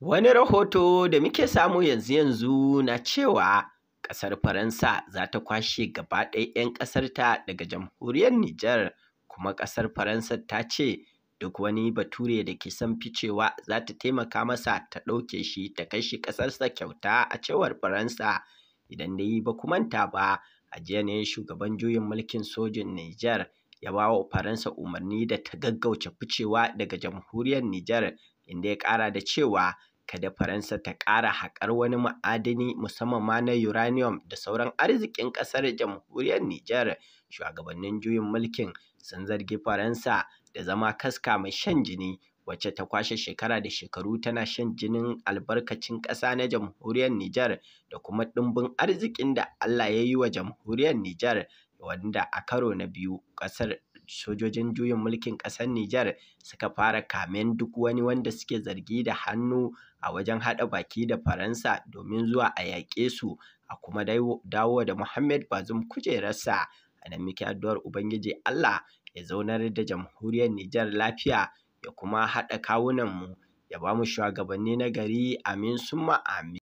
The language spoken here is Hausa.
Wani rahoto da muke samu yanzu-yanzu na cewa ƙasar Faransa za ta kwashe gaba ɗaya 'yan ƙasarta daga jamhuriyar Nijar, kuma ƙasar Faransa ta ce duk wani bature da ke son ficewa za ta taimaka masa ta ɗauke shi ta kai shi ƙasarsa kyauta a cewar Faransa. Idan da yi ba ku ba, a jiya ne shugaban juyin mulkin sojin Nijar ya ba wa Faransa umarni da ta gaggauce ficewa daga jamhuriyar Nijar inda ya ƙara da cewa kada Faransa ta ƙara haƙar wani ma'adani musamman ma na uranium da sauran arzikin ƙasar jamhuriyar Nijar. Shugabannin juyin mulkin sun zargi Faransa da zama kaska mai shan jini wacce ta kwashe shekara da shekaru tana shan jinin albarkacin ƙasa na jamhuriyar Nijar da kuma ɗimbin arzikin da Allah ya yi wa jamhuriyar Nijar wanda a karo na biyu ƙasar sojojin juyin mulkin ƙasar Nijar suka fara kamen duk wani wanda suke zargi da hannu a wajen haɗa baki da Faransa domin zuwa a yaƙe su a kuma dawo da Muhammad Bazoum kujerarsa. A nan muke addu'ar Ubangiji Allah ya zaunar da jamhuriyar Nijar lafiya ya kuma haɗa kawunanmu ya ba mu shugabanni na gari amin summa amin.